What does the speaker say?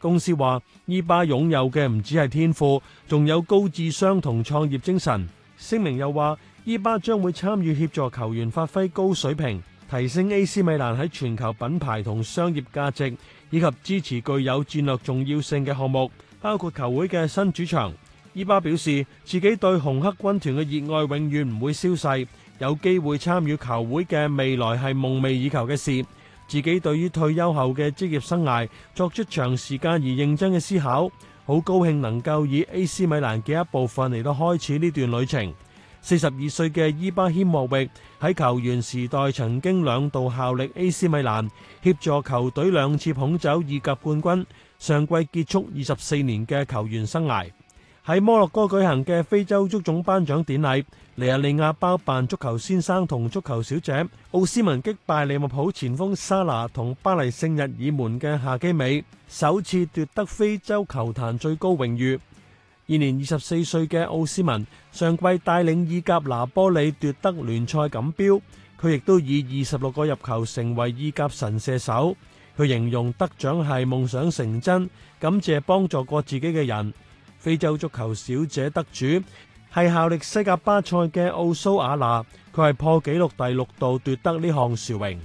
公司話伊巴擁有嘅唔止係天賦，仲有高智商同創業精神。聲明又話伊巴將會參與協助球員發揮高水平，提升 AC 米蘭喺全球品牌同商業價值，以及支持具有戰略重要性嘅項目，包括球會嘅新主場。伊巴表示自己對紅黑軍團嘅熱愛永遠唔會消逝，有機會參與球會嘅未來係夢寐以求嘅事。自己對於退休後嘅職業生涯作出長時間而認真嘅思考，好高興能夠以 AC 米蘭嘅一部分嚟到開始呢段旅程。四十二歲嘅伊巴謙莫域喺球員時代曾經兩度效力 AC 米蘭，協助球隊兩次捧走意甲冠軍。上季結束二十四年嘅球員生涯。喺摩洛哥舉行嘅非洲足總頒獎典禮，尼日利亞包辦足球先生同足球小姐，奧斯文擊敗利物浦前鋒沙拿同巴黎聖日耳門嘅夏基美，首次奪得非洲球壇最高榮譽。現年二十四歲嘅奧斯文，上季帶領意甲拿波里奪得聯賽錦標，佢亦都以二十六個入球成為意甲神射手。佢形容得獎係夢想成真，感謝幫助過自己嘅人。非洲足球小姐得主係效力西甲巴塞嘅奧蘇瓦娜，佢係破紀錄第六度奪得呢項殊榮。